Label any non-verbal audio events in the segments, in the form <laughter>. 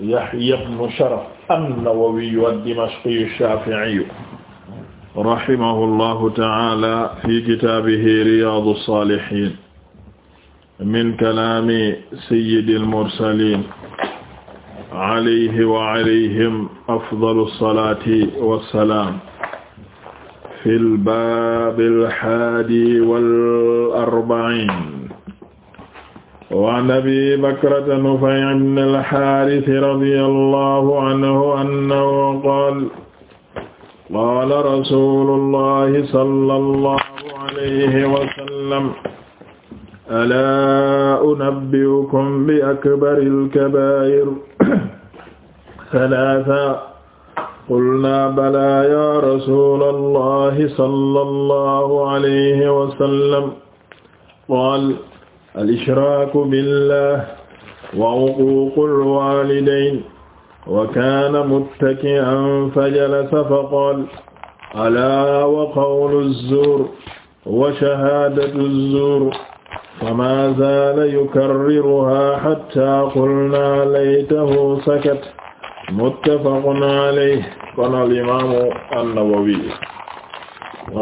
Yahya ibn Sharaf an-Nawawi ad-Dimashqi ash-Shafi'i rahimahullahu ta'ala fi kitaabihi Riyaadu s-Saalihiin min kalaami sayyidil mursaliin alayhi wa alayhim afdalu salaati wa salaam fil baabil haadi wal arba'iin waan abi bakrata nufay ibn alxaaris radiyallahu anhu annahu qaala qaala rasuulullahi sallallahu alayhi wa sallam alaa unabbi'ukum bi akbaril kabaa'ir salaasa qulnaa balaa yaa rasuulallahi sallallahu alayhi wa sallam qaala al-ishraaku billah wa uquuqul waalidayn wa kaana muttaki'an fajalasa faqaala alaa wa qawlu zuur wa shahaadatu zuur famaa zaala yukarriruhaa hattaa qulnaa laytahu sakat muttafaqun alayhi qaala al-imaamu an-Nawawi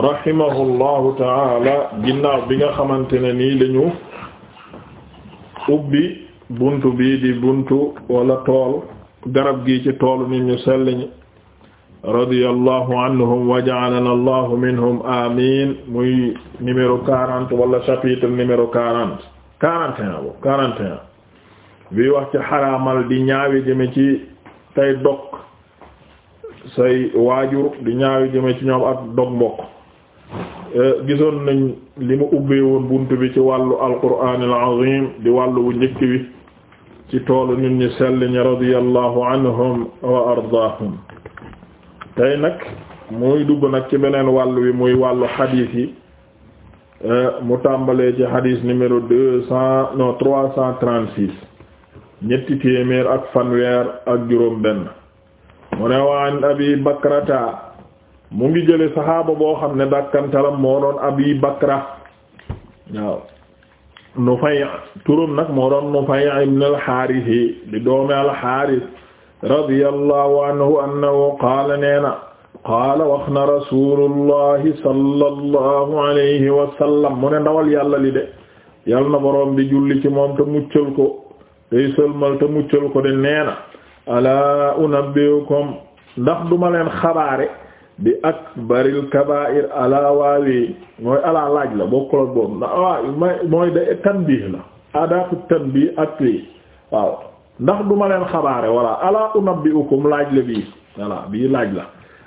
rahimahu llahu ta'aala ginnaaw bi nga xamante ne nii lañu ubbi buntu bii di buntu wala tool garab gi ci toolu nit ñu sell anhum wa allahu minhum amin muy numéro quarante wala chapitre numéro quarante quarante et un bo quarante et un bii wax ci xaraamal di ñaawi ci tey dog say waajur di ñaawi jëme ci ñoom ak dog mbokk Euh, gisoon nañ li mu ubbee woon buntu bi ci wàllu alquraanil azim di wàllu bu njëkk bi ci toolu nit ñi sell ñi radiyallahu anhum wa ardaahum tey nag muy dugg nag ci beneen wàll wi muy wàllu xadiis yi euh, mu tàmbalee ci xadiis numéro deux cent non trois cent trente-six ñetti téeméer ak fanweer ak juróom benn mu ne abi bakrata mu ngi jële saxaaba boo xam ne dakkantalam moo doon abi bakra waaw nufay turam nag moo doon nufay ibn alxaaris yi di doomi alxaaris neena qaala wax na sallallahu alayhi wa sallam mu ne ndawal yàlla li de yàlla na boroom bi julli moom te muccal ko tey neena alaa unabbiukum ndax duma leen xabaare bi akbaril kabaa'ir alaa waawee mooy alaa laaj la boo kolot boobu ndax waaw mooy de tanbiih la adaatu tanbiih ak lii waaw ndax duma leen xabaare walla alaa unabbi'ukum laaj la bii laaj la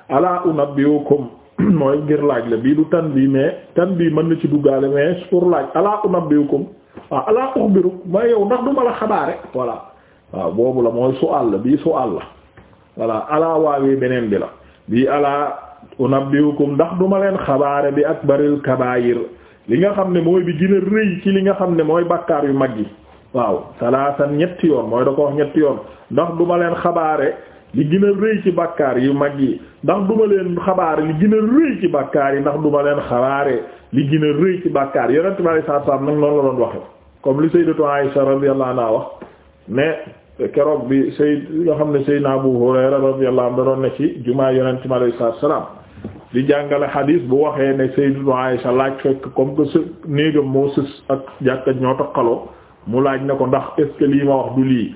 alaa unabbi'ukum <clears throat> mooy ngir laaj la bii du tanbiih mais tanbiih mën na ci duggaale mais pour laaj alaa unabbi'ukum waaw alaa ukhbirukum mooy yow ndax duma la xabaare walla waaw boobu la mooy su'aal la bii su'aal la walla alaa waawee beneen bi la bi alaa unabbiukum ndax duma leen xabaare bi ak akbaril kabaayir li nga xam ne mooy bi gën rëy ci li nga xam ne mooy bàkkaar yu mag yi waaw salaasan ñetti yoon mooy da ko wax ñetti yoon ndax duma leen xabaare li gën a rëy ci bàkkaar yu mag yi ndax duma leen xabaare li gën a rëy ci bàkkaar yi ndax duma leen xabaare li gën a rëy ci bàkkaar yonent bi sallallahu alayhi wasallam nag noonu la doon waxe comme li sayyidatu Aisha radiyallahu anha wax mais keroog bi sayd nga xam ne saydna Abu Hurayra radiyallahu anhu da doon ne ci jumaa yonent mi alayhi salaatu wa salaam di jàngale xadiis bu waxee ne sayyidatu Aisha laaj fekk comme que sa néegam moo sës ak jàkka ñoo takkaloo mu laaj ne ko ndax est ce que lii ma wax du lii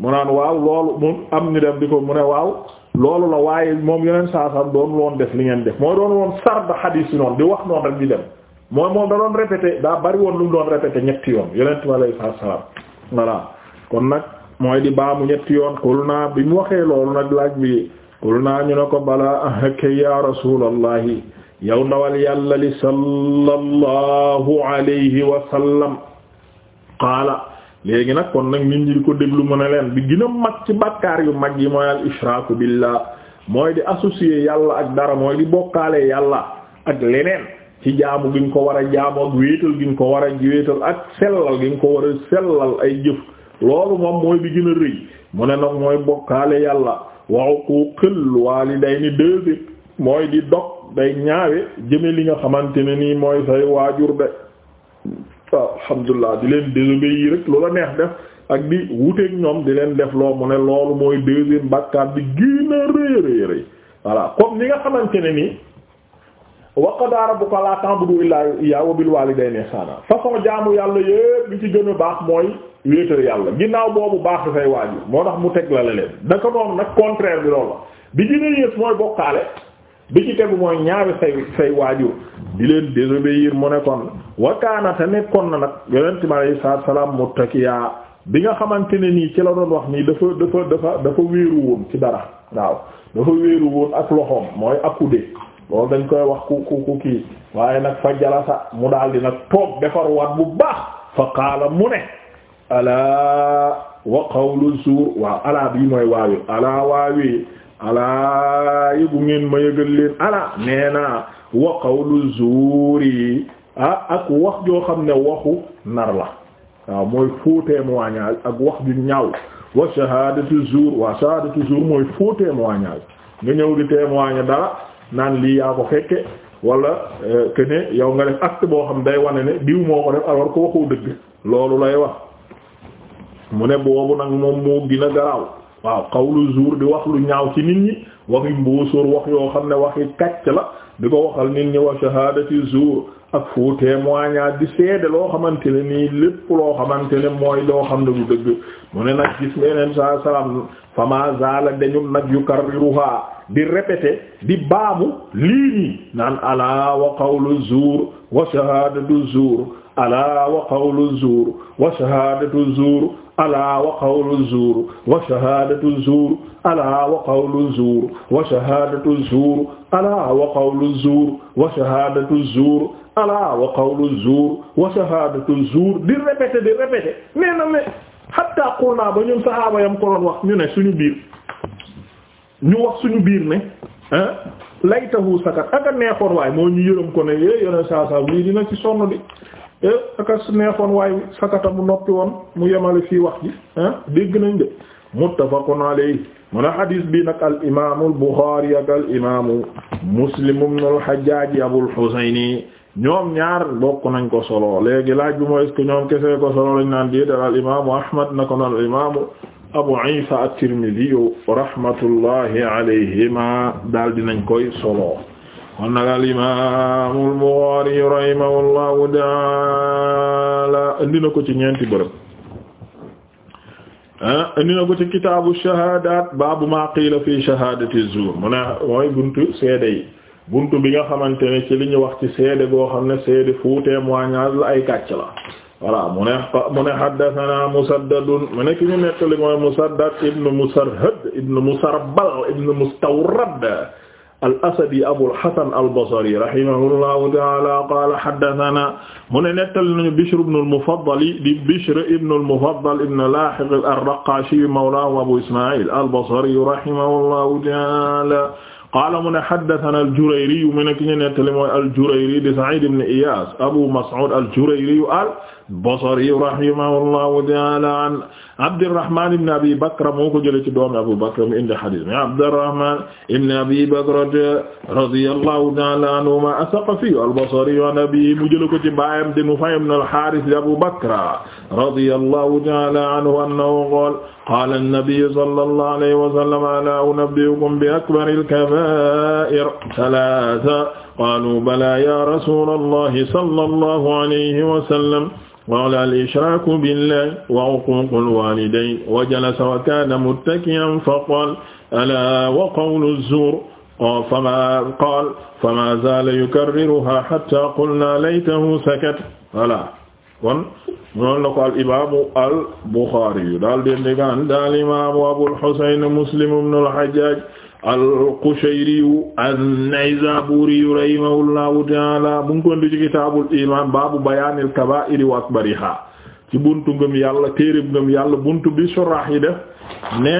mu naan waaw loolu mu am ñu dem di ko mu ne waaw loolu la waaye moom yeneen saasam doon loon def li ngeen def mooy doon woon sarda xadiis yi noonu di wax noonu rek di dem mooy moom da doon répété bari woon lu mu doon ñetti yoon yonent mi alayhi salaatu wa salaam voilà mooy di baamu ñetti yoon xul naa bi mu waxee loolu nag laaj bi xul naa ñu ne ko balaa kay ya rasulallahi yow ndawal yàlla li sallallahu alayhi wa qaala léegi nag kon nag nit ñi di ko déglu mu ne leen bi gën mag ci bakkaar yu mag yi mooy al ishraaku billah mooy di associer yàlla ak dara mooy di bokkaale yàlla ak leneen ci jaamu gi nga ko war a jaamu ak wéetal gi nga ko war a wéetal ak sellal gi nga ko war a sellal ay jëf loolu moom mooy bi gën a rëy mu ne nag mooy bokkaale yàlla wa uquuqil waalidayni deuxième mooy di dog day ñaawe jëme li nga xamante ne nii mooy say waajur de alhamdulilah di leen désobéir rek loola neex def ak di wuteeg ñoom di leen def loo mu ne loolu mooy deuxième bàkkaar bi gën a rëy rëy rëy comme ni nga xamante ne nii wa qadaa rabbuka laa ta'budu illaa iyyaahu wa bil waalidayni ihsaana façon jaamu yàlla yépp bi ci gën a baax mooy wéetal yàlla ginnaaw boobu baax dafay waajur moo tax mu teg la la leen naka noonu nag contraire bi loolu la bi gën a yées mooy bokkaale bi ci tegu mooy ñaawi say say waajur di leen désobéir mu ne kon wakaana te nekkoon na nag yonent mi alayhi salaatu salaam muttakiya bi nga xamante ne nii ci la doon wax nii dafa dafa dafa dafa wéeru woon ci dara waaw dafa wéeru woon ak loxoom mooy accoudé loolu dañ koy wax ku ku kii waaye nag fa jalasa mu daal di nag toog defar bu baax fa mu alaa wa qawlu waaw alaa bii mooy waawe alaa waawe alaa yëgu ngeen ma yëgal leen alaa nee naa wa qawlu ah, ak wax joo xam ne waxu nar la waaw mooy faux témoignage ak wax ju ñaaw wa shahadatu zuur wa shahadatu zuur mooy faux témoignage nga ñëw di témoigner dara naan lii yaa ko fekke wala eh, que ne yow nga def acte boo xam day wane ne diw moo ko def alors que waxoo dëgg loolu lay wax mu ne boobu nag moom moo gën a garaaw waaw xawlu zuur di wax lu ñaaw ci nit ñi waxi mbuusóor wax yoo xam ne waxi kàcc la di ko waxal nit ñi wa shahadati zuur ak faux témoignage di seede loo xamante ne nii lépp loo xamante ne mooy loo xam ne lu dëgg mu ne nag gis meneen sa salaam fama zala dañu nag yu karriruha di répété di baamu lii nii naan alaa wa qawlu zuur wa shahadatu zuur alaa wa qawlu zuur wa shahadatu zuur alaa wa qawlu zuur wa shahaadatu zuur alaa wa qawlu zuur wa shahaadatu zuur alaa wa qawlu zuur wa shahaadatu zuur di répété di répété nee na hatta qulnaa ba ñun saxaaba yam ko wax ñu ne suñu biir ñu wax suñu biir ne ah laytahu sakat ak a neexoon waaye moo ñu yërëm ko ne eh, yéen saa saa lii dina ci sonn di. Eh, neexoon waaye sakata bu noppi won mu yemale fii wax ji ah dégg nañ de muttafaqun alayhi mu ne xadis bi nag al imaamu al Buxaari ak al imaamu Muslim ibn al Hajjaaj Abul Husayni ñoom ñaar bokk nañ ko solo léegi laaj bi mooy est-ce kese ko solo lañ naan di dal al imaamu Ahmad na ko naan al imaamu Abu Iisa at-Tirmidhi rahmatullahi alayhima daal dinañ koy solo. kon nag al imaam al Buxaari rahimahullahu taala indi na ko ci ñeenti bërëb ah, indi na ko ci kitaabu shahaadaat baabu maa qiila fii shahaadati zuur mu ne mooy buntu seede yi buntu bi nga xamante ne ci li ñu wax ci seede goo xam ne seede fu témoignage la ay kàcc la voilà mu ne mu ne haddathana Musaddadun mu ne ki ñu nettali mooy Musaddad ibn Musarhad ibn Musarbal ibn Mustawrad al-Asadi Abul Hasan al-Basri rahimahullahu ta'ala qala haddathana mu ne nettali nañu Bishr ibn al-Mufaddal di Bishr ibn al-Mufaddal ibn Lahiq ar-Raqashi mawlahu Abu Isma'il al-Basri rahimahullahu ta'ala qaala mu ne haddathana al-Jurayri mu ne ki ñu nettali mooy al-Jurayri di Sa'id ibn Iyas Abu Mas'ud al-Jurayri Basri rahimahullahu ta'ala an Abdurrahman ibn Abi Bakra moo ko jëlee ci doomi Abu Bakra mu indi hadiis mi Abdurrahman ibn Abi Bakra radiyallahu ta'ala anhuma as-Saqafi al-Basri an abiihi mu jëlee ko ci baayam di Nufay ibn al-Haaris Abu Bakra radiyallahu ta'ala anhu annahu qaala qaala an-nabiyyu sallallahu alayhi wa sallam alaa unabbi'ukum bi akbaril kabaa'ir salaasa qaaluu balaa yaa rasuulallahi sallallahu alayhi wa sallam wala al ishraaku billahi wa uquuqul waalidayni wa jalasa wa kaana muttaki'an fa qaala alaa wa qawlu zuur famaa qaala famaa zaala yukarriruhaa hattaa qulnaa laytahu sakata voilà kon noonu la ko al imaamu al Buxaari daal di ndégaan daal imaamu Abul Husayn Muslim ibnul Hajjaaj al-Qushayriyu an-Naysaburiyu rahimahullahu ta'ala mu ngi kondi ci kitaabul iman baabu bayaanil kabaa'iri wa akbariha ci buntu ngëm yàlla téereb ngëm yàlla buntu bi surah yi def ne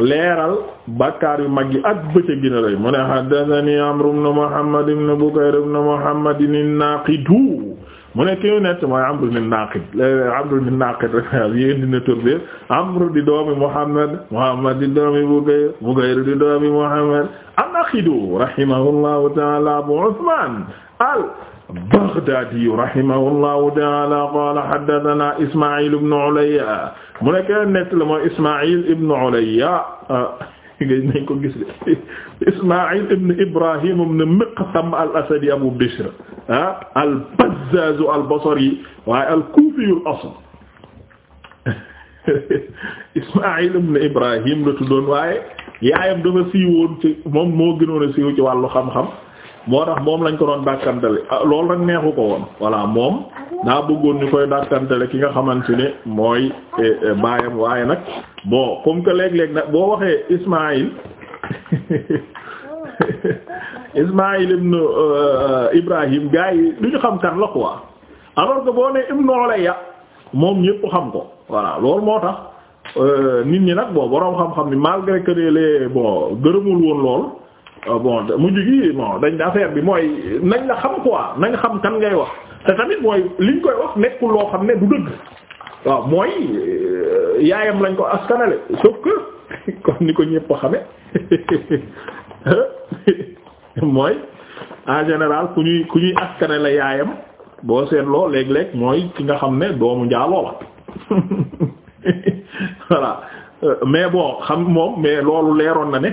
leeral bakkaar yu mag yi ak bëccëg gi na lay mu ne haddathani Amru ibn Muhammad ibn Bukayr ibn Muhammad an-Naqidu mu ne ki ñu nett mooy Amr ibn Naqid eh, Amr ibn Naqid <laughs> yéen dina turbe Amr di doomi Muhammad Muhammad di doomi Bukayr Bukayr di doomi Muhammad an-Naqidu rahimahullahu ta'ala Abu Uthman al-Baghdadi rahimahullahu ta'ala qala haddathana Isma'il ibn Ulayya mu ne ki ñu nett la mooy Isma'il ibn Ulayya ah, <laughs> gis nañ ko gis Isma'il ibn Ibrahim ibn Miqsam al-Asadi Abu Bishr ah al-Bazzaz al-Basri waaye al-Kufi al-asl <laughs> Ismaïl ibn Ibrahim la tuddoon waaye yaayam dafa siiwoon ci moom moo gënoon a siiw ci wàllu xam-xam moo tax moom lañ ko doon dàkkantale ah loolu rek neexu ko woon voilà moom daa bëggoon ñu koy dàkkantale ki nga xamante ne mooy eh, eh, baayam waaye nag bon comme que léeg-léeg nag boo waxee Ismaïl <laughs> Ismaïl ibn euh, Ibrahim gars yi du ñu xam kan la quoi alors que boo ne Ibn Ulayya moom ñépp xam ko voilà lool moo tax euh, nit ñi nag bon boroom xam-xam ni malgré que les bon gërëmul woon lool euh, bon mujj gi bon dañ affaire bi mooy nañ la xam quoi nañ xam kan ngay wax te tamit mooy liñ koy wax nekkul loo xam ne du dëgg waaw mooy yaayam lañ ko askanale sauf que kon <laughs> ni ko ñépp xame <laughs> <laughs> <laughs> mooy en général ku ñuy ku ñuy askane la yaayam boo seetloo léeg-léeg mooy ki nga xam ne doomu njaaloo la <laughs> voilà euh, mais bon xam moom mais loolu leeroon na ne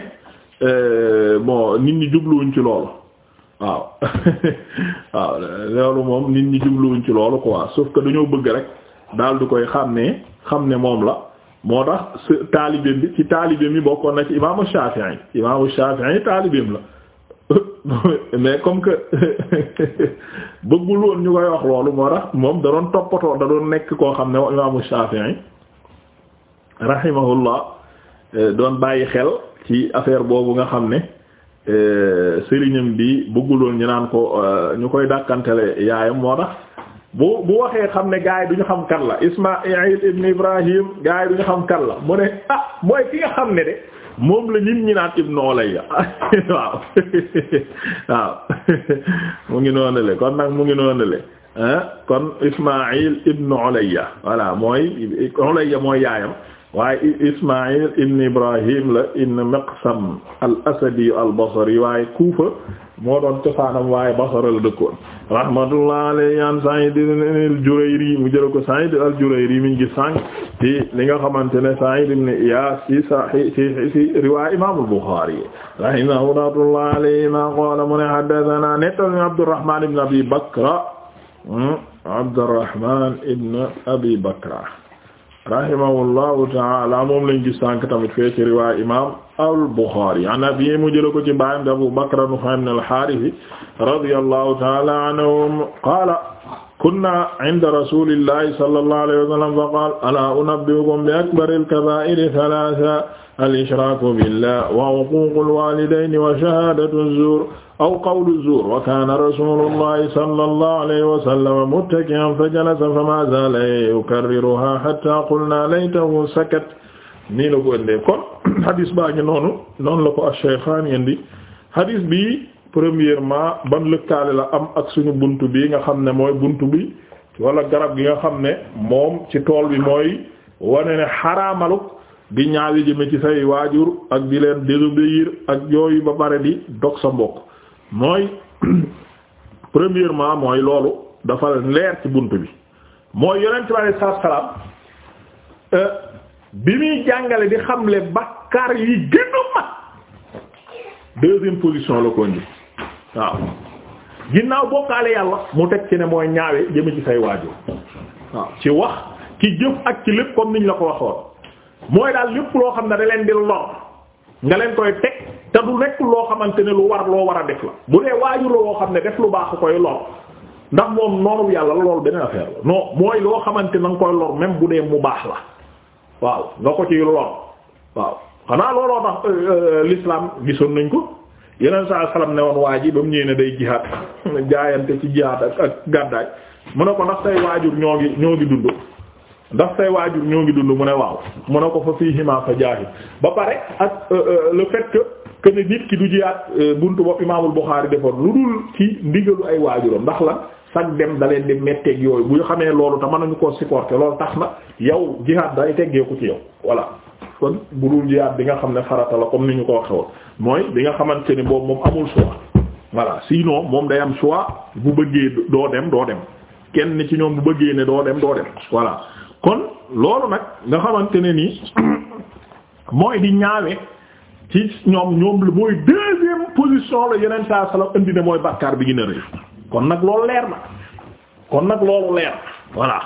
euh, bon nit ñi jubluwuñ ci loolu waaw <laughs> waaw loolu moom nit ñi jubluwuñ ci loolu quoi sauf que dañoo bëgg rek daal di koy xam ne xam ne moom la moo tax taalibeem bi ci taalibeem yi bokkoon na ci imaamu Shafi'i imaamu Shafi'i taalibeem la mais comme que <laughs> bëggul ñu koy wax loolu moo tax moom da doon toppatoo da doon nekk koo xam ne imaamu Shafi'i rahimahullah eh, doon bàyyi xel ci affaire boobu nga xam ne eh, sëriñam bi bëgguloon ñu naan ko eh, ñu koy dàkkantele yaayam moo tax bu bu xam ne gars yi duñu xam kan la Ismaïl ibn Ibrahim gars yi duñu xam kan la mu ne ah mooy ki nga xam ne de moom la nit ñi naan Ibnu Ulayya <laughs> waaw <laughs> <laughs> mu ngi noonu le kon nag mu ngi noonu le kon Ismaïl Ibnu Ulayya voilà mooy Ulayya mooy yaayam waaye Ismaïl Ibnu Ibrahim la Ibnu Miqsam al waaye Kufa moo doon cosaanam waaye Basra la dëkkoon rahmatullah alayhi an Sa'id al-Jurayri mu jël ko Sa'id al-Jurayri mi ngi gis sànq ci li nga xamante ne Sa'id ibn Iyas ci sahih ci riwaaya Imam al-Bukhari rahimahullah alayhi ma qala mu ne haddathana nettali Abdurrahman ibn Abi Bakra hmm, Abdurrahman ibn Abi Bakra rahimahullahu ta'ala moom lañ gis sànk tamit fee ci riwaay imaam al-Bukhari an abiihi mu jëla ko ci baayam di Abu Bakr Nufay ibn al-Haaris radiyallahu ta'ala anhum qaala kunna inda rasuulillahi sallallahu alayhi wa sallam fa qaala alaa unabbi'ukum bi akbaril kabaa'iri thalaatha al-ishraaku billah wa uquuqul waalidayni wa shahaadatu zuur aw qawlu zuur wa kaana rasuulullahi sallallahu wa sallam muttaki'an fa jalasa famaa zaala yukarriruhaa hattaa qulnaa laytahu sakata nii la ko ëndee kon hadis baa noonu noonu la ko ash hadis bi premièrement ban lëkkaale la am ak suñu bunt bi nga xam ne mooy bunt bi wala garab gi nga xam ne moom ci tool bi mooy wane ne xaraamaluk di ñaawi jëme ci say waajur ak di leen désobéir ak yooyu ba pare di dog sa mbokk mooy <clears throat> premièrement mooy loolu dafa leer ci bunt bi mooy yonent bi alei salaam euh, bi muy jàngale di xamle ba kar yi gën a mag deuxième position la ko indi waaw ginnaaw bokkaale yàlla mu teg ci ne mooy ñaawe jëme ci say waajur waaw ci wax ci jëf ak ci lépp comme niñ la ko waxoon mooy daal lépp loo xam ne da leen di lor nga leen koy teg te du nekk loo xamante ne lu war loo war a def la bu dee waajur loo xam ne def lu baax koy lor ndax moom noonu yàlla la loolu beneen affaire la non mooy loo xamante na nga koy lor même bu dee mu baax la waaw nga ko ciy lor waaw xanaa looloo tax euh, euh, l'islam gisoon nañ ko yeneen saa salaam ne woon waa ji ba mu ñëwee ne day jihaad <laughs> jaayante ci jihaad ak ak gàddaay mu ne ko ndax say waajur ñoo ngi ñoo dund. ndax say waajur ñoo ngi dund mu ne waaw mu ne ko fa fiihima fa jaahid ba pare ak euh, euh, le fait que que ne nit ki du jiyaat euh, buntu bopp Imaamul Buxaari defoon lu dul ci ndigalu ay waajuram ndax la sag dem da leen di metteeg yooyu bu xamee loolu te mën nañu koo supporter loolu tax na yow jihaad day teggeeku ci yow voilà. kon bu dul jihaad bi nga xam ne farata la comme ni ñu ko waxee woon mooy bi nga xamante ne boobu moom amul choix voilà sinon moom day am choix bu bëggee doo doo dem kenn ci ñoom bu bëggee ne doo dem doo kon loolu nag nga xamante ne nii mooy di ñaawe ci ñoom ñoom la mooy deuxième position la yeneen saa salaam indi ne mooy bàkkaar bi gën a rëy kon nag loolu leer na kon nag loolu leer na voilà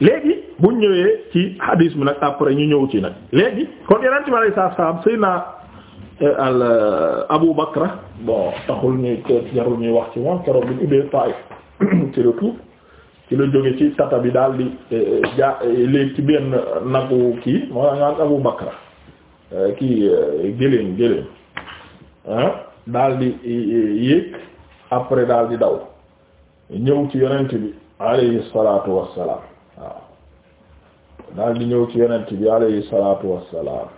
léegi bu ñëwee ci hadis bi nag après ñu ñëw ci nag léegi kon yeneen ci ma lay saa salaam sëy naa euh, al euh, Abu Bakra bon taxul ñuy jarul ñuy wax ci moom keroog bi ñu ubbee Taif <coughs> ci retour kilo la jóge ci tata bi daal di eh, ja eh, ci benn nagu kii moo la ngaan Abu Bakra eh, kii géléem géléem daal di yéeg après daal daw ñëw ci yonent bi alayhi salatu wassalam waaw daal ñëw ci yonent bi alayhi salatu wassalam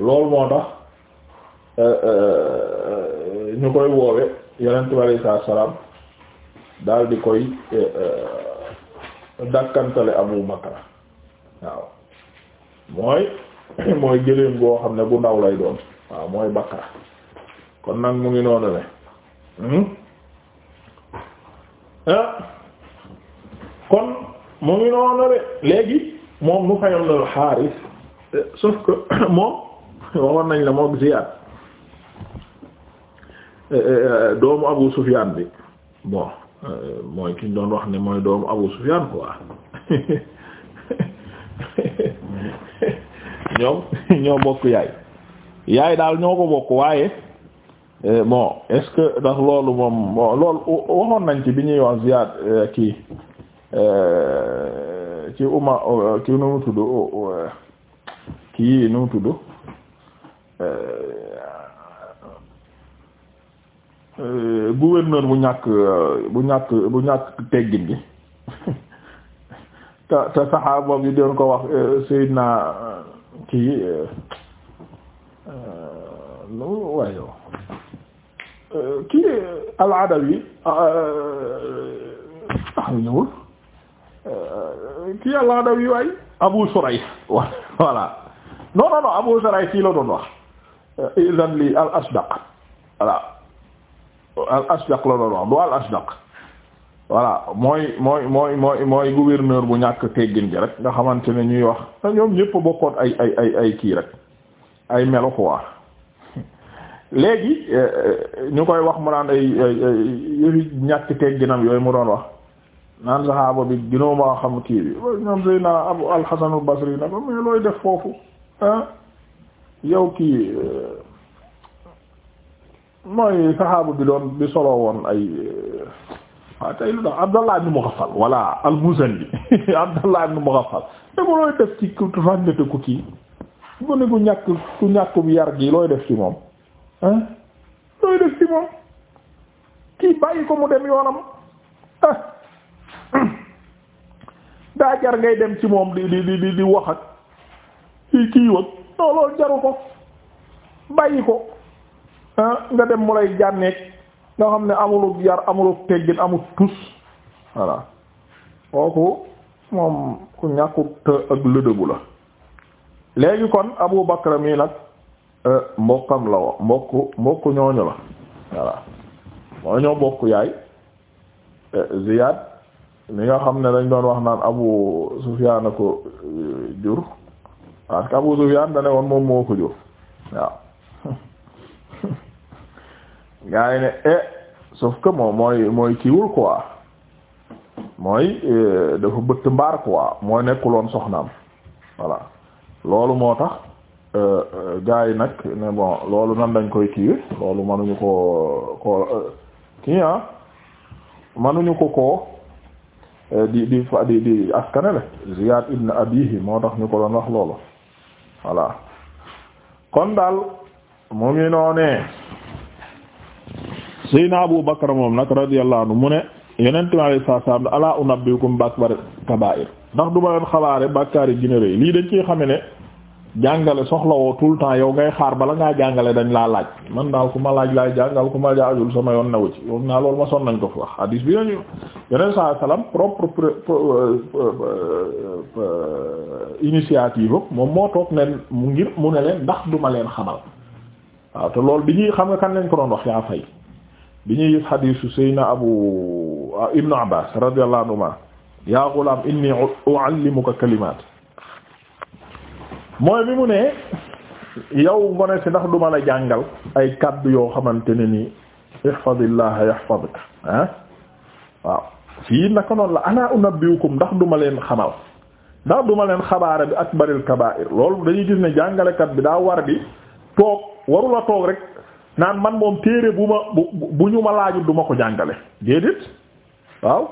loolu moo tax ñu koy woowe yonent bi alayhi salatu daal di koy eh, eh, dàkkantale Abu Bakra waaw mooy <coughs> mooy gëléem goo xam ne bu ndaw lay doon waaw mooy Bakra kon nag mu ngi noonu le hmm? eh? kon mu ngi noonu le léegi moom mu fayal la Xaaris sauf que <coughs> moom <coughs> waxoon nañ la moom Ziyaad doomu Abu Sufyaan bi bon Euh, mooy kiñ doon wax ni mooy doomu Abu Sufyan quoi ñoom ñoo bokk yaay yaay daal ñoo ko bokk waaye euh, bon est-ce que ndax loolu moom bon loolu waxoon nañ ci bi ñuy wax Ziyad euh, kii ci uma kii nu mu tudd kii nu tudd Euh, gouverneur bu ñàkk euh, bu ñàkk bu ñàkk teggin bi te te saxaaba bi doon ko wax euh, Seydina kii lu waayo kii al-Adawi ah ñëwul kii al-Adawi waay Abu Shurayh <laughs> voilà non non Abu Shurayh kii la doon wax ashdaq voilà al ashdaq la doon wax du al ashdaq voilà mooy mooy mooy mooy mooy gouverneur bu ñàkk teggin gi rek nga xamante ne ñuy wax ñoom ñëpp bokkoon ay ay ay ay kii rek ay melo quoi léegi euh, euh, ñu koy wax mu naan ay ay ay ñàkk tegginam yooyu mu doon wax naan saxaaba bi ginoo ma xam kii bi ñoom Seydina Abu al-Hasan al-Basri na ba def foofu yow kii euh, mooy saxaabu bi doon bi solo woon ay waaw tey lu tax Abdallah ibn Mughaffal voilà al-Muzani <laughs> Abdallah ibn Mughaffal dama looy def ci ku fànnete ku kii ku ne ku ñàkk ku ñàkk bu yar gi looy def ci moom looy def ci moom kii bàyyi ko mu dem yoonam ah <clears throat> daa jar ngay dem ci moom di di di di wax ak kii kii wag non jaru ko bàyyi ko Ah, nga dem mu lay jànneeg nga xam ne amulub yar amulub teggin amul tus voilà kooku moom ku ñàkkut ak lëdëbu la léegi kon Abu Bakr mii nag eh, mbokkam la wo mbokk mbokk ñooñu la voilà moo ñoo bokk yaay eh, Ziyad mi nga xam ne dañ doon wax naan Abu Sufyan ko eh, jur parce que Abu Sufyan da woon moom moo ko jur waaw gaa yi ne eh sauf que moom mooy mooy kiiwul quoi mooy eh, dafa bëtt mbaar quoi mooy nekkuloon soxnaam voilà loolu moo tax eh, eh, gaa yi nag ne bon loolu nan dañ koy kii loolu manuñu ko ko kii ah manuñu ko ko di di fa di di askanele Ziyad ibn abihi moo tax ñu ko doon wax loolu voilà kon daal mu ngi noonee Seydina Abu Bakr moom nag radiyallahu anhu mu ne yeneen mi alei saat salaam ala ndax du ma leen xabaare bàkkaar yi gëna rëy lii dañ ciy xame ne jàngale soxlawoo tout le temps yow ngay xaar bala ngaa jàngale dañ laa laaj man daal ku ma laaj laay jàngal ku ma jaajul sama yoon nawu ci yoon naa loolu ma son nañ ko fi wax hadis bi nañu yeneen saa salaam propre initiative ëpp moom moo toog ne mu ngir mu ne leen ndax du ma leen xamal waaw te loolu bi ñuy xam nga kan lañ ko doon wax bi ñuy gis xadiisu sayna abu ah, ibnu abbas radiyallahu anhuma yaa gulaam inni uallimuka kalimaat mooy bi mu ne yow ngone si ndax duma la jàngal ay kàddu yoo xamante ne ni ihfadillaha yahfadka ah waaw fii naka noonu la ana unabbiukum ndax duma leen xamal ndax duma leen xabaara bi akbaril kabaa'ir loolu dañuy gis ne jàngalekat bi daa war di toog warula toog rek naan man moom téere bu ma bu bu ñu ma laajul du ma ko jàngale déedéet waaw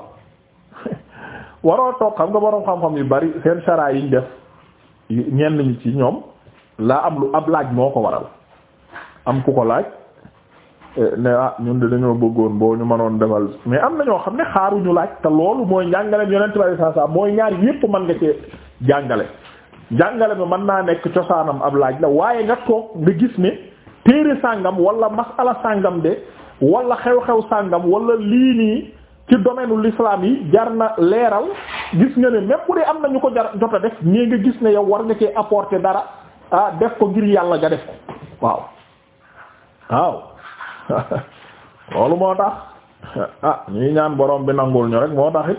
<laughs> waroo toog xam nga boroom xam-xam yu bari seen saraa yiñ def ñenn ñi ci ñoom laa am lu ab laaj moo ko waral am ku ko laaj eh, ne ah ñun de dañoo bëggoon boo ñu manoon defal mais am na ñoo xam ne xaaruñu laaj te loolu mooy njàngaleem yonent bari saa mooy ñaar yépp man nga ci jàngale jàngale ma mën naa nekk cosaanam ab laaj la waaye nga toog nga gis ne téere sàngam walla masala sàngam de wala xew-xew sàngam walla lii nii ci domaine l'islam yi jar na leeral gis nga ne même bu am na ñu ko jar jot a def mais nga gis ne yow war nga cee apporter dara ah def ko ngir yàlla nga def ko waaw waaw <laughs> loolu moo tax <laughs> ah ñuy ñaan borom bi nangul ñu rek moo taxit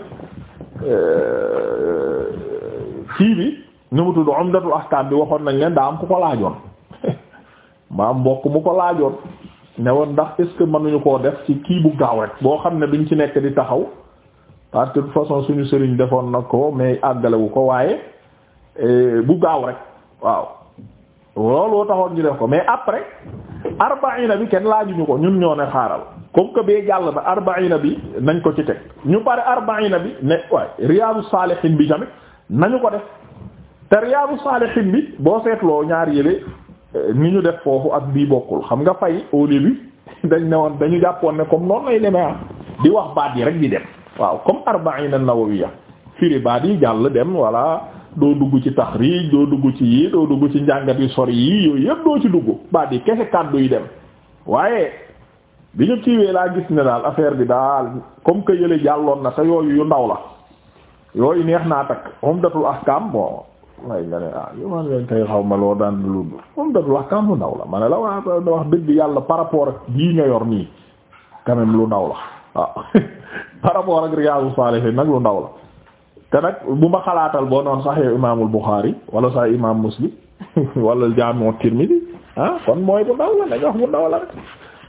fii eh, bi ñu mu tudd Umdatul Ahkam bi waxoon nañ leen daa am ku ko laajoon maam mbokk mu ko laajoon ne woon ndax est-ce koo def ci kii bu gaaw rek boo xam ne duñ ci nekk di taxaw parce que de façon suñu sëriñ defoon na ko mais àggalewu ko waaye eh, bu gaaw rek waaw looloo taxoon ñu def ko mais après arbaina bi kenn laajuñu ko ñun ñoo ne xaaral comme que bee jàll na arbaina bi nañ ko ci teg ñu pare arbaina bi ne waaye riyaadu saalihiin bi tamit nañu ko def te riyaadu saalihiin bi boo seetloo ñaar yële ni ñu def foofu ak bii bokkul xam nga fay au début <laughs> dañ ne woon dañu jàppoon ne comme noonu lay demee ah di wax baat yi rek di dem waaw comme arba'in an-nawawiyya firi baat yi jàll dem voilà doo dugg ci taxriij doo dugg ci yii doo dugg ci njàngat yi sori yii yooyu yëpp doo ci dugg baat yi kese kàddu yi dem waaye bi ñu kiiwee laa gis ne daal affaire bi daal comme que yële jàlloon na te yooyu yu ndaw la yooyu neex naa takk Umdatul askam bon waaye nga ne ah yow man kay xaw ma loo daan lu moom daal wax kan lu ndaw la ma ne la wax dëgg yàlla par rapport ak lii nga yor nii quand même ndaw la waaw <laughs> par nag lu ndaw la te nag bu ma xalaatal boo noon Sahîh Imaamul Bukhari wala Sahîh Imaam Muslim <laughs> wala Jaami'u Tirmidhi ah kon mooy bu ndaw la nag wax bu ndaw la rek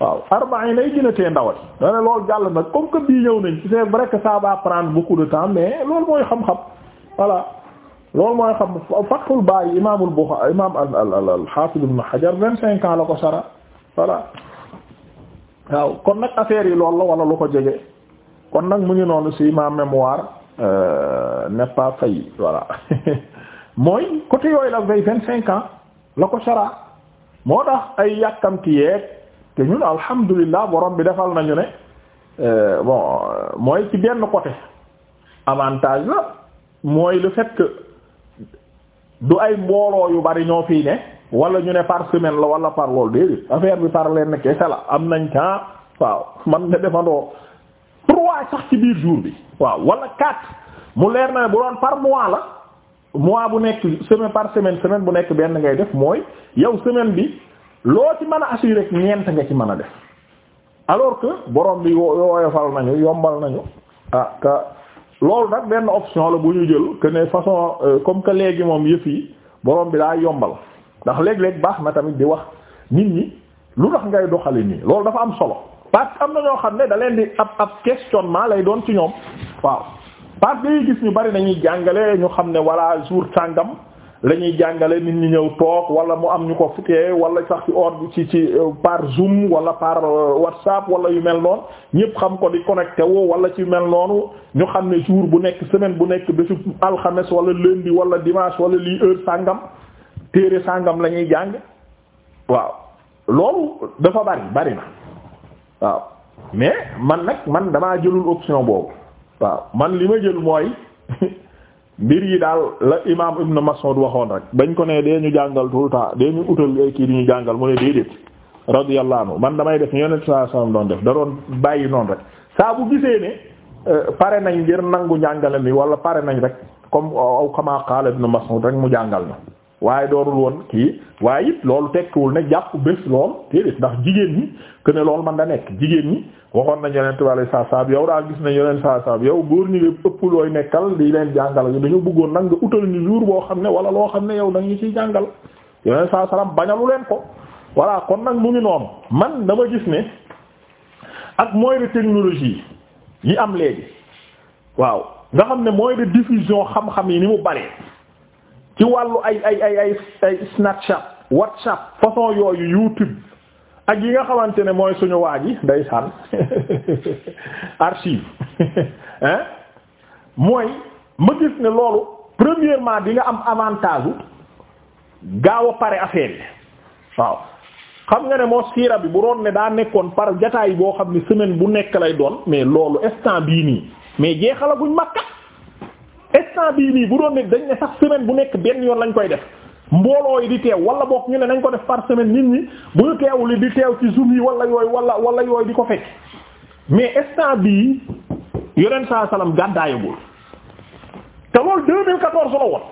waaw arba'i nay gën a tee ndawal da ne loolu jàll nag comme que bii ñëw nañ c'est vrai que ça va prendre beaucoup de temps mais loolu mooy xam-xam voilà. loolu mooy xam Fathul Baari imaamul Buxaari imaam al al al Haafiz Ibn Hajar vingt-cinq ans la ko sara voilà waaw kon nag affaire yi loolu la wala lu ko jege kon nag mu ngi noonu si ma mémoire euh, n'est pas failli voilà <laughs> mooy côté yooyu la vay vingt-cinq ans la ko sara moo tax ay yàkkamti yeeg te ñun alhamdulillah borom bi defal nañu ne euh, bon euh, mooy ci benn côté avantage la mooy le fait que. du ay mbooloo yu bari ñoo fii ne wala ñu ne par semaine la wala par lool déedéet affaire bi par leen kese la am nañ temps waaw man nga defandoo trois sax ci biir jour bi waaw wala quatre mu leer na bu doon par mois la mois bu nekk semaine par semaine semaine bu nekk benn ngay def mooy yow semaine bi loo ci man a assurer rek ñeent nga ci mën a def alors que borom bi woyofal nañu yombal nañu ah ka loolu nag benn option la bu ñu jël que ne façon euh, comme que léegi moom yëf yi boroom bi daa yombal ndax léeg-léeg baax na tamit di wax nit ñi lu tax ngay doxale nii loolu dafa am solo parce que am na ñoo xam ne da leen di ab ab questionnement lay doon ci ñoom waaw parce que gis ñu bari nañuy jàngale ñu xam ne walla jour sàngam la ñuy jàngale nit ñu ñëw toog wala mu am ñu ko futee wala sax ci ordre ci ci euh, par zoom wala par euh, whatsapp wala yu mel noonu ñépp xam ko di connecté woo wala ci mel noonu ñu xam ne jour bu nekk semaine bu nekk bésu alxames wala lundi wala dimanche wala lii heure sàngam téere sàngam lañuy jàng waaw loolu dafa bari bari na waaw mais man nag man damaa jëlul option boobu waaw man li ma jël mooy <laughs> mbir yi daal la imaam Ibn Mas'ud waxoon rek bañ ko ne dee ñu jàngal tout le temps dee ñu utal ay kii di ñu jàngal mu ne déedéet radiyallahu anhu man damay def ñu yonent sallallahu alayhi doon def da doon bàyyi noonu rek saa bu gisee ne euh, pare nañ ngir nangu njàngale mi wala pare nañ rek comme aw euh, kama qaala Ibn Mas'ud rek mu jàngal na waaye doonul woon kii waaye it loolu tekkiwul ne jàpp bés lool téedéet ndax jigéen ñi que ne lool man da nekk jigéen ñi waxoon nañ yonent wala saa saab yow daal gis nañ yonent saa yow góor ñi lépp nekkal di leen jàngal dañu bëggoon nag nga utal ñu xam ne wala loo xam ne yow da nga ciy jàngal yonent saa salaam bañalu leen ko voilà kon nag mu ngi noonu man dama gis ne ak moyen de technologie yi am léegi waaw nga xam ne moyen de diffusion xam-xam yi ni mu bare ci wàllu ay ay ay ay ay Snapchat WhatsApp façon yooyu YouTube ak yi nga xamante ne mooy suñu waa ji ndeysaan <laughs> archive <laughs> hein mooy ma gis loolu premièrement di nga am avantage gaaw a pare affaire waaw xam nga ne moo siira bi bu doon ne daa nekkoon par jataay boo xam ni semaine bu nekk lay doon mais loolu instant bii nii mais jeexalaguñ makka instant bii nii bu doon ne dañ ne sax semaine bu nekk benn yoon lañ koy def mbooloo yi di teew wala bokk ñu ne nañ ko def par semaine nit ñi bu ñu teewul di teew ci zoom yi wala yooyu wala wala yooyu di ko fekk mais instant bii yonent saa salaam gàddaayagul te loolu 2014 la woon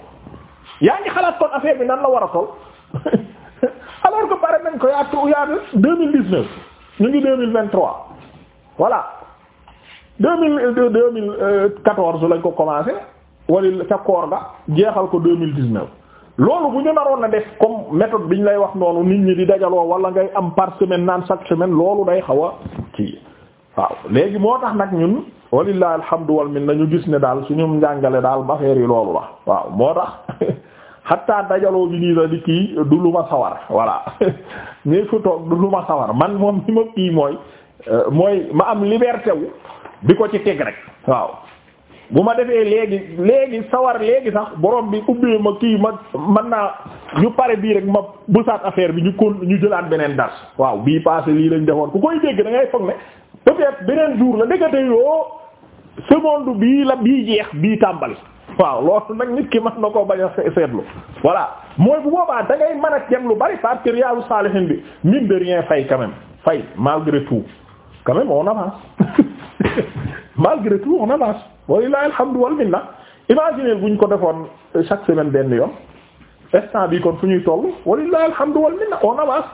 yaa ngi xalaat kon affaire bi nan la war a toll <laughs> alors que pare nañ ko yaatu yaatu 2019 ñu ngi 2023 voilà 2000 2014 lañ ko commencé. wala ca koor ga jeexal ko deux mille dix-neuf loolu bu ñu naroon na def comme méthode bi ñu lay wax noonu nit ñi di dajaloo wala ngay am par semaine naan chaque semaine loolu day xaw a kii waaw léegi moo tax nag ñun walillahi alhamdu wal minna ñu gis ne daal suñu njàngale daal affaire yi loolu la waaw moo tax xatta <laughs> dajaloo bi nii la di kii du lu ma sawar voilà ñuy <laughs> fu toog du lu ma sawar man moom ni ma kii mooy euh, mooy ma am liberté wu di ko ci teg rek waaw bu ma defee léegi léegi sawar léegi sax borom bi ubbee ma kii ma man naa ñu pare bii rek ma bësaat affaire bi ñu kon ñu jëlaat beneen dars waaw bii passé lii lañ defoon ku koy dégg dangay ngay foog ne peut beneen jour la ndekete yoo seconde bii la bii jeex bii tàmbali waaw loolu nag nit ki man na koo bañ a seetlu voilà mooy bu boobaa da ngay mën a dem lu bari parce que Riyâdous Sâlihîne bi mine de rien fay quand même fay malgré tout quand même on <laughs> malgré tout on avance walillahi alhamdu wal minna imaginez buñ ko defoon euh, chaque semaine benn yoon instant bi kon fu ñuy toll walillahi alhamdu wal minna on avance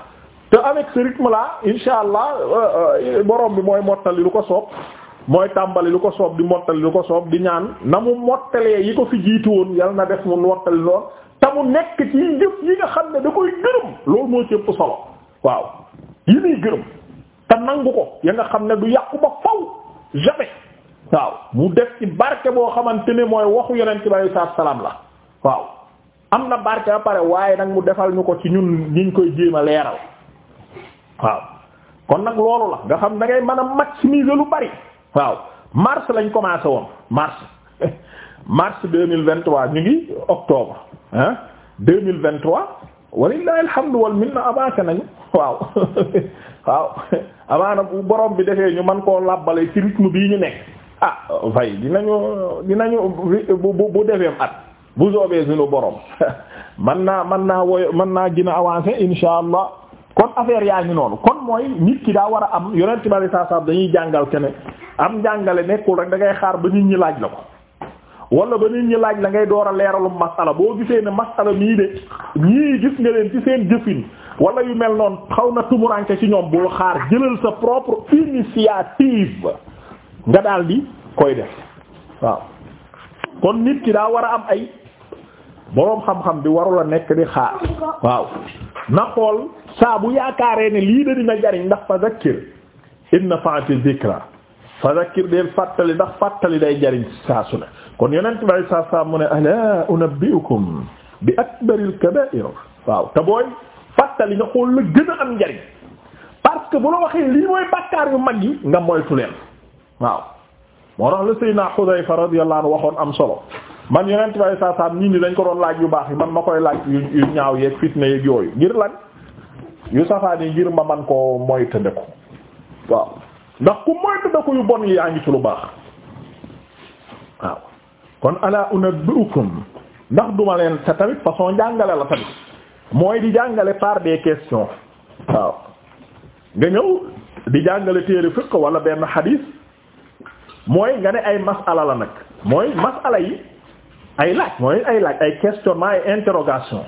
te avec ce rythme là insha allah euh, euh, borom bi mooy mottali lu ko soob mooy tàmbali lu ko soob di mottali lu ko soob di ñaan na mu mottalee yi ko fi jiitu woon yal na def mu mottali lool te mu nekk ci jëf yi nga xam ne da koy gërëm loolu moo ci ëpp solo waaw yi muy gërëm te nangu ko ya nga xam ne du yàqu ba faw jamais waaw mu def ci barke boo xamante ne mooy waxu yonent bi alayhi salaatu salaam la waaw am na barke ba pare waaye nag mu defal ñu ko ci ñun ñu koy jéem a leeral waaw kon nag loolu la nga xam da ngay mën a maximiser lu bari waaw mars lañ commencé woon mars <laughs> mars deux mille vingt trois ñu ngi octobre ah deux mille vingt trois walillahi alhamdu wal minna abaaka nañu waaw <laughs> waaw amaana <laughs> bu borom bi defee ñu man koo làbbale ci rythme bii ñu nekk. ah fay dinañu dinañu bu bu bu defeem at bu soobee suñu borom <laughs> man naa man naa woy man naa gën a avancer insha allah kon affaire yaa ngi noonu kon mooy nit ki daa war a am yonent bi saa saa dañuy jàngal keneen am jàngale nekkul rek da ngay xaar ba nit ñi laaj la ko. wala ba nit ñi laaj la ngay door a leeralum masala boo gisee ne masala mii de ñii gis nga leen ci seen jëfin wala yu mel noonu xaw na tumuranke ci ñoom bu xaar jëlal sa propre initiative nga daal di koy def waaw kon nit ki daa war a am ay boroom xam-xam bi warula nekk di xaar waaw na xool saa bu yaakaaree ne lii da dina jariñ ndax fa zakkir inna fa'ati zikra fa zakkir deel fàttali ndax fàttali day jariñ saa su ne kon yonent bi saa saa mu ne ala unabbi'ukum bi akbaril kaba'ir waaw te booy fàttali nga xool la gën a am njariñ parce que bu la waxee lii mooy bàkkaar yu mag yi nga moytu leen waaw moo tax la Seydina Xudayfa radiyallahu anhu waxoon am solo man yonent bi saa saam ñii dañ ko doon laaj yu baax yi man ma koy laaj yu ñaaw yeeg fitna yeeg yooyu ngir lan yu safaani ngir ma man koo moytandiku waaw ndax ku moytandiku yu bon yi yaa ngi ci lu baax waaw kon ala unabbi'ukum ndax duma leen te tamit façon jàngale la tamit mooy di jàngale par de questions waaw nga ñëw di jàngale téere fiqh wala benn hadith mooy nga ne ay masala la nag mooy ala yi ay laaj mooy ay laaj ay questionnement ay interrogation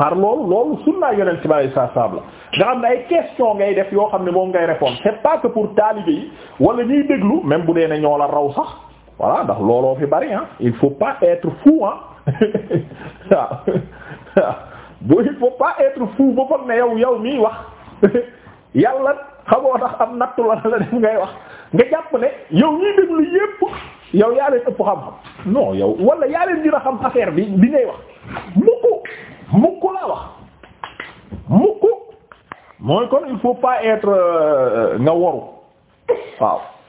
par loolu loolu sunnaa yonent bi sa saab la nga xam ne ay question ngay def yoo xam ne moom ngay répondre c'est pas que pour taalibe yi wala ñuy déglu même bu dee ne ñoo la raw sax voilà ndax looloo fi bari ah il faut pas être fou ah <laughs> waaw waaw <laughs> il faut pas être fou ba ne yow yow miy wax <laughs> yàlla xamoo tax am nattu la la def ngay wax nga jàpp ne yow ñuy déglu yépp yow yaa leen ëpp xam-xam non yow wala yaa leen dina xam affaire bi bi ngay wax mukk mukk laa wax mukk mooy kon il faut pas être euh, nga woru waaw